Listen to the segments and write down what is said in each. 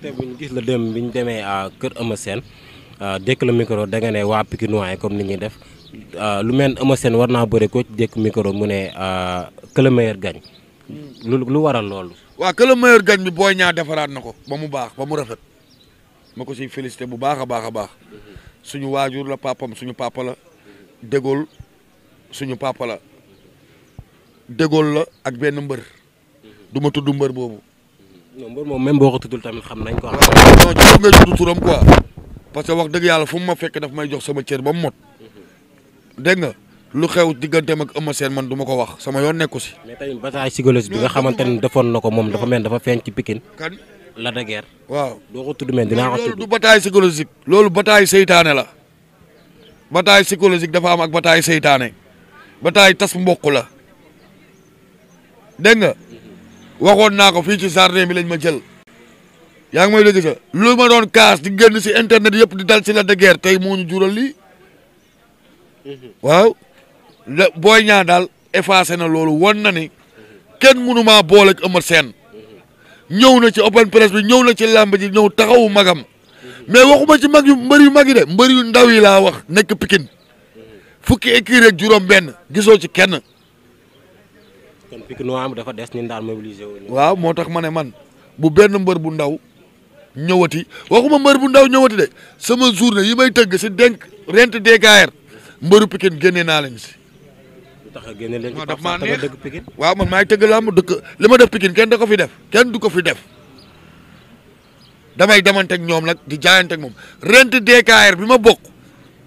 te bu ñu gis la dem bi ñu demee kër Eumeu Sène euh, dékk la micro da nga ne waa Pikinois comme ni ñuy def euh, lu mel Eumeu Sène war naa bëre ko dékk micro mu ne euh, que le meilleur gagne lu lu waral loolu. waa que le meilleur bi booy ñaar defaraat na ko ba mu baax ba mu rafet ma ko siy félicité bu baax a baax a baax suñu waajur la papam suñu papa la dégool suñu papa la dégool la ak benn mbër du tudd mbër boobu. non mbër moom même boo ko tuddul tamit xam nañ ko. non ci ngay tudd turam quoi parce que wax dëgg yàlla fu mu ma fekk daf may jox sama cër ba mu mot dégg nga lu xew digganteem ak Eumeu Sène man du ma ko wax sama yoon nekku si. mais tey bataille psychologique bi nga xamante ni defoon na ko moom dafa mel dafa feeñ ci Pikine. kan la de guerre. waaw doo ko tudd mais dinaa ko tudd loolu du bataille psychologique. loolu bataille seytaane la bataille psychologique dafa am ak bataille seytaane bataille tas mbokk la dégg nga. waxoon naa ko fii ci jardin mi lañ ma jël yaa ngi may dégg sa lu ma doon kaas di génn si internet yëpp di dal si la de guerre tey moo jural lii waaw booy ñaa daal effacé na loolu won na ni kenn mënumaa boole ak Eumeu Sène ñëw na ci open press bi ñëw na ci làmb ji ñëw taxawu magam mais waxuma ci mag yu mbër yu mag yi de mbër yu ndaw yi laa wax nekk Pikine fukki écurie ak juróom gisoo ci kenn kon Pikinois dafa des ni daan mobiliser wu. waaw moo tax ma ne man bu benn mbër bu ndaw ñëwati waxuma mbër bu ndaw ñëwati de sama journée yi may tëgg si denk rent DKR mbëru Pikine génne naa lañu si. lu tax a génne leen ci Pape Sarr tamit waaw man maa ngi tëgg làmb dëkk li ma def Pikine kenn da ko fi def ken du ko fi def. damay demanteeg ñoom nag di jaayanteeg moom rent DKR bi ma bokk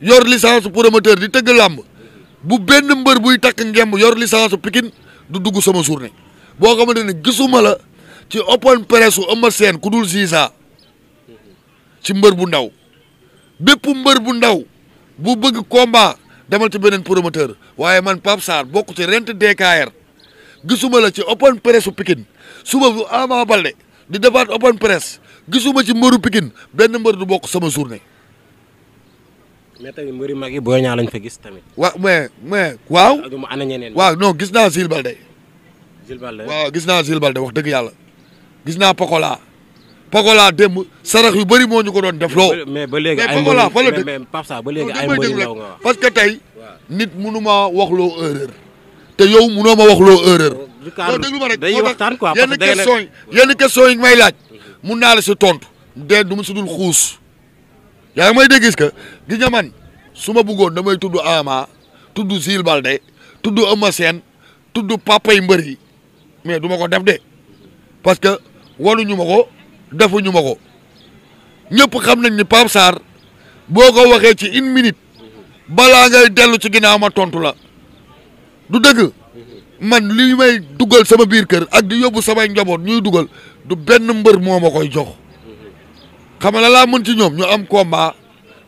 yor licence promoteur di tëgg làmb bu benn mbër buy takk ngemb yor licence pikin du dugg sama journée boo xamante ne gisuma la ci open press u Eumeu Sène ku dul Ziza ci mbër bu ndaw bépp mbër bu ndaw bu bëgg combat demal ci beneen promoteur waaye man Pape Sarr bokk ci rent DKR gisuma la ci open press u pikin suba bu Ama Baldé di defaat open press gisuma ci mbëru pikin benn mbër du bokk sama journée. mais tamit mbëri mag yi booy ñaa lañ gis tamit. waaw mais mais waaw. waaw non gis naa Zil waaw gis naa Jules Balde wax dëgg yàlla gis naa Pokola Pokola démb sarax yu bëri moo ñu ko doon def loo. mais ba léegi ay Pokola fa la dëgg mais Pape ba léegi ay mbëri ndaw parce que tey nit mënu ma wax loo erreur te yow mënoo ma wax loo erreur. Oh, non déglu ma rek moo tax yenn question yi yenn may laaj mun naa la si tontu de du mu si dul xuus yaa ngi may dégg gis que gis nga man su ma bëggoon damay tudd Ama tudd Jules Balde tudd Eumeu Sène tudd papa yi mbër yi mais du ma ko def de parce que wanuñu ma ko defuñu ma ko ñëpp xam nañ ni Pape Sarr boo ko waxee ci une minute balaa ngay dellu ci ginnaaw ma tontu la du dëgg man li may dugal sama biir kër ak di yóbbu samay njaboot ñuy dugal du benn mbër moo ma koy jox xam nga laa mën ci ñoom ñu am ko maa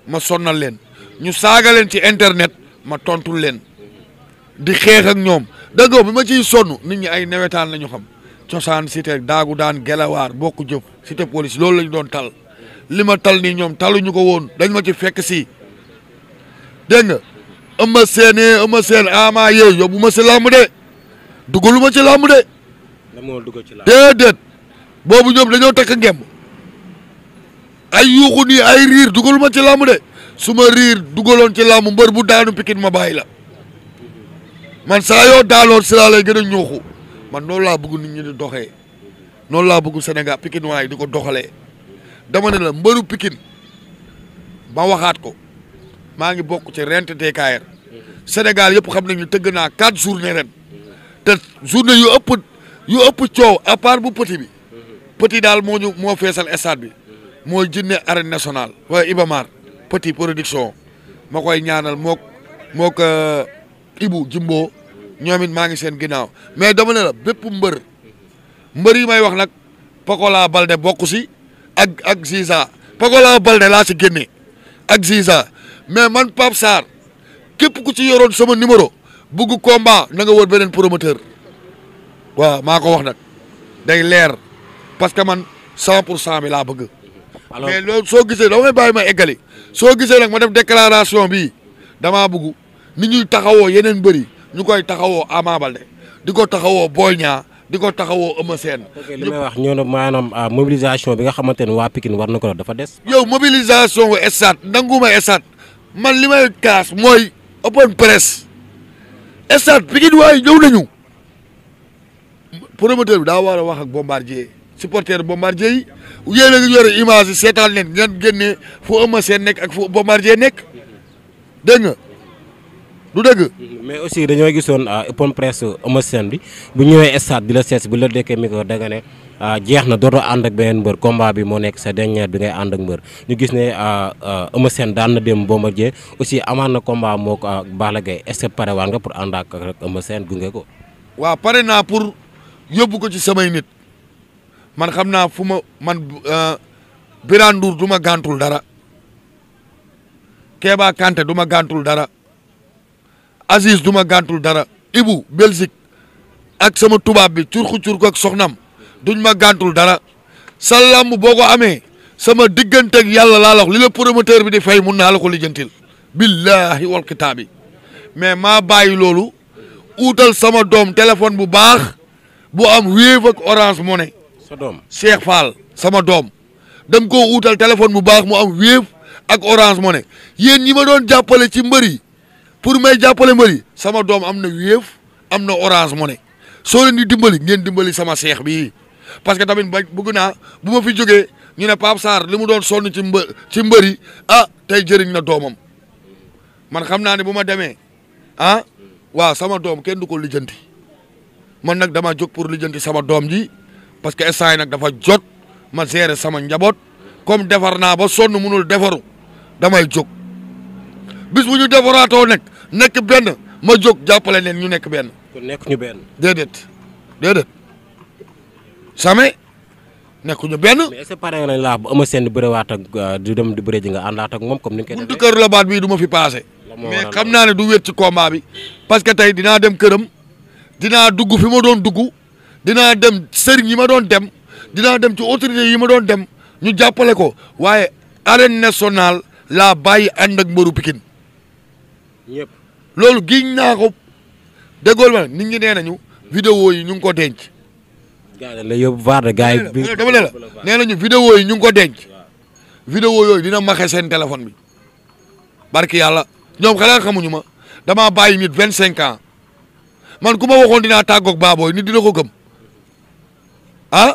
ma sonnal leen ñu saaga leen ci internet ma tontul leen. di xeex ak ñoom dëggoo bi ma ci sonn nit ñi ay nawetaan lañu xam cosaan cité daagu daan gelawaar bokku jëf cité police loolu la doon tal li ma tal nii ñoom taluñu ko woon dañ ma ci fekk si dégg nga ëmma seenee ëmma seen ama yee yóbbu ma si làmb de dugalu ma ci làmb de. déedéet boobu ñoom dañoo takk ngem ay yuuxu nii ay riir dugalu ma ci làmb de su ma riir dugaloon ci làmb mbër bu daanu pikin ma bàyyi la. man saa yoo daaloon si laa lay gën a ñuuxu man noonu laa bëgg nit ñu di doxee noonu laa bëgg Sénégal Pikine waaye di ko doxalee dama ne la mbëru pikin ma waxaat ko maa ngi bokk ci rent DKR Sénégal yëpp xam nañu tëgg naa quatre journée ren te journée yu ëpp yu ëpp coow à part bu petit bi petit daal moo ñu moo feesal stade bi mooy jinne arène nationale waaye Ibamar petit production moo koy ñaanal moo mook euh, Ibu Jimbo ñoom it maa ngi seen ginnaaw mais dama ne la bépp mbër mbër yi may wax nag Pokola Balde bokku si ak ak Ziza Pokola Balde laa si génne ak Ziza mais man Pape Sarr képp ku ci yoroon sama numéro bugg combat na nga wër beneen promoteur waaw maa ko wax nag day leer parce que man cent pour cent mi laa bëgg. alors mais loolu soo gisee dama may bàyyi ma eggali soo gisee nag ma def déclaration bi dama bëgg ni ñuy taxawoo yeneen mbër yi ñu koy taxawoo Ama Baldé di ko taxawoo bool ñaa di ko taxawoo Eumeu Sène. li may wax ñoo maanaam ah, mobilisation bi nga xamante ne waa Pikine war na ko dafa des. yow mobilisation wu stade nanguma stade man li may kaas mooy open press stade Pikine waaye ñëw nañu. promoteur bi daa war a wax ak bombardier supporter bombardier yi yéen a ngi yore image yi seetaan leen ngeen génne fu Eumeu Sène nekk ak fu bombardier nekk dégg du dëgg. mais aussi dañoo gisoon euh, open presse Eumeu Sène bi bu ñëwee stade di la sees bu la dekkee micro da nga ne euh, jeex na dootoo ànd ak beneen mbër combat bi moo nekk sa dernière bi ngay ànd ak mbër ñu gis ne euh, Eumeu Sène daan na dem Bombardier aussi amaan na combat moo ko Balla Gaye est ce que pare waan nga pour ànd ak rek Eumeu gunge ko. waa pare naa pour yóbbu ko ci samay nit man xam naa fu ma man Birane Ndour du ma gàntul dara Kéba Kanté du ma gàntul dara. Aziz du ma gàntul dara Ibu Belgique ak sama tubaab bi curku curku ak soxnam duñ ma gàntul dara sa làmb boo ko amee sama digganteeg yàlla laa la wax li ma promoteur bi di fay mun naa la ko lijjantil billahi wal kitaabi mais maa bàyyi loolu uutal sama doom téléphone bu baax bu am Wave ak Orange Money sa doom Cheikh Fall sama doom dam ko uutal téléphone bu baax mu am Wave ak Orange Money yéen ñi ma doon jàppale ci mbër yi pour may jàppale mbër yi sama doom am na wéef am na orange money soo leen di dimbali ngeen dimbali sama seex bii parce que tamit ba bëgg naa bu ma fi jógee ñu ne Pape Sarr li mu doon sonn ci mbë ci mbër yi ah tey jëriñ na doomam man xam naa ne bu ma demee ah waaw sama doom kenn du ko lijjanti man nag dama jóg pour lijjanti sama doom ji parce que instant yi nag dafa jot ma gérer sama njaboot comme defar naa ba sonn munul defaru damay jóg bis bu ñu defaraatoo nekk nekk benn ma jóg jàppale leen ñu nekk benn. kon nekk ñu benn. déedéet déedéet. samay nekk ñu benn. mais est-ce que pare nañ laa bu ama seen bëre ak euh, di dem di bëri ji nga àndaat ak moom comme ni nga koy kër la baat bi du ma fi passé. mais xam naa ne du wéet ci combat bi. parce que tey dinaa dem këram dinaa dugg fi ma doon dugg dinaa dem sëriñ yi ma doon dem dinaa dem ci autorité yi ma doon dem ñu jàppale ko waaye arène nationale laa bàyyi ànd ak mbaru Pikine. loolu giñ naa ko déggool ma nit ñi nee nañu. vidéo yi ñu ngi ko denc. gars yi la yóbbu vaar de gars yi. dama ne la nee nañu vidéo yi ñu ngi ko denc. vidéo yooyu dina maxe seen téléphone bi barki yàlla ñoom xanaa xamuñu ma damaa bàyyi nit vingt cinq ans man ku ma waxoon dinaa tàggoog baabooy nit dina ko gëm ah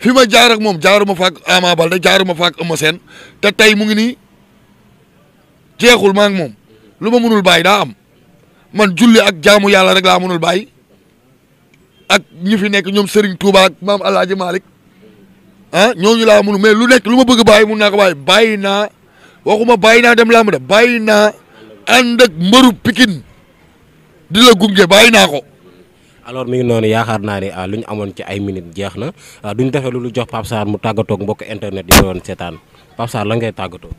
fi ma jaar ak moom jaaruma faak Ama Baldé jaaruma faak Eumeu Sène te tey mu ngi nii jeexul maa moom lu ma mënul bàyyi daa am. man julli ak jaamu yàlla rek laa mënul bàyyi ak ñi fi nekk ñoom sëriñ Touba ak maam El Hadj Malick ah ñooñu laa mënul mais lu nekk lu ma bëgg bàyyi mun naa ko bàyyi bàyyi naa waxuma bàyyi naa dem làmb de bàyyi naa ànd ak mbëru pikin di la gunge bàyyi naa ko. alors mi ngi noonu yaakaar naa ne ah, lu ñu amoon ci ay minutes jeex na ah, duñ defee lu jox Pape Sarr mu tàggatoo ak mbokk internet yi doon seetaan Pape Sarr la ngay tàggatoo.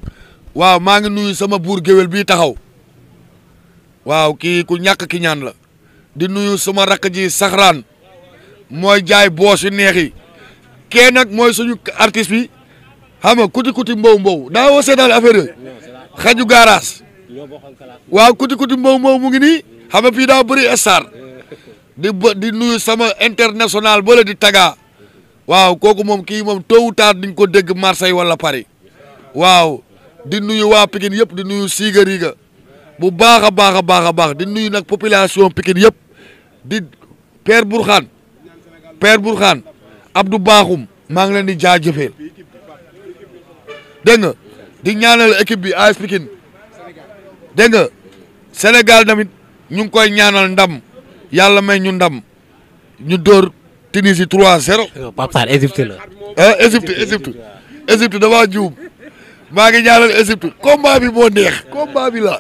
waaw maa ngi nuyu sama buur géwél bii taxaw. waaw kii ku ñàkk ki ñaan la di nuyu sama rakk ji saxraan mooy jaay boos yu neex nag mooy suñu artiste bi xam nga kuti kuti mbow mbow daa woo seedaale affaire yooyu xaju waaw kuti kuti mbow mbow mu ngi nii xam nga fii daa bëri star di di nuyu sama international bala di tagaa waaw kooku moom kii moom tôt ou tard di ko dégg Marseille wala Paris waaw di nuyu waa Pikine yëpp di nuyu Siga Riga bu baax a baax a baax a baax di nuyu nag population Pikine yëpp di Père Bourkhane Père Bourkhane Abdou baaxum maa ngi leen di jaajëfeel dégg di ñaanal équipe bi AS Pikine dégg nga Sénégal tamit ñu ngi koy ñaanal ndam yàlla may ñu ndam ñu dóor Tunisie 3-0. Euh, Pape Sarr Égypte la. Eh, juum maa ngi ñaanal Égypte combat bi moo neex combat bi la.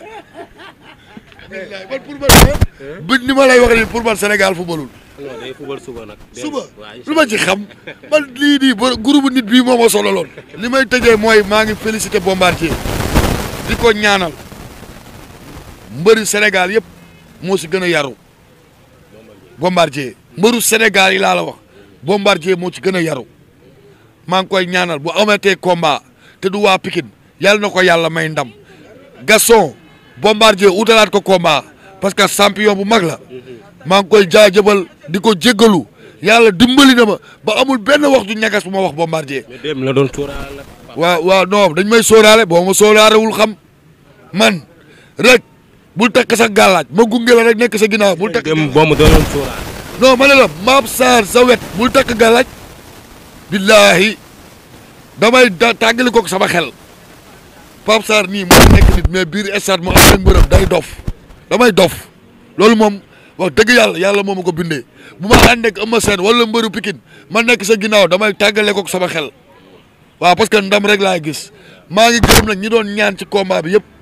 man pour man bi ma lay wax nii pour man senegal fubalul. non day fubal suba nag. ma ci xam man lii nii ba groupe nit bii moo ma sololoon. li may tëjee mooy maa ngi félicité Bombardier di ko ñaanal mbëri Sénégal yëpp moo si gën a yaru Bombardier mbëru senegal yi laa la wax Bombardier moo ci gën a yaru maa ngi koy ñaanal bu amatee komba te du waa Pikine yàlla na ko yàlla may ndam Gaston. Bombardier utalaat ko combat parce que champion bu mag la maa ngi koy jaajëbal di ko jéggalu yàlla dimbali na ma ba amul benn waxtu ñagas bu ma wax Bombardier. mais dem doon sóoraale. waaw waaw dañ may sóoraale boo ma sóoraalewul xam man rek bul takk sa galaaj ma gunge la rek nekk sa ginnaaw bul takk. dem boo ma doon sóoraale. ma ne la maam Sarr sa wet bul takk gàllaaj billaahi damay da tàggali koog sama xel. Pape Sarr nii moo nekk nit mais biir stade mu am mbërëm day dof damay dof loolu moom wax dëgg yàlla yàlla moom ma ko bindee bu ma ànd ak Eumeu Sène wala mbëru Pikine ma nekk sa ginaaw damay tàggale ko sama xel waaw parce que ndam rek laa gis maa ngi gërëm nag ñi doon ñaan ci combat bi yëpp.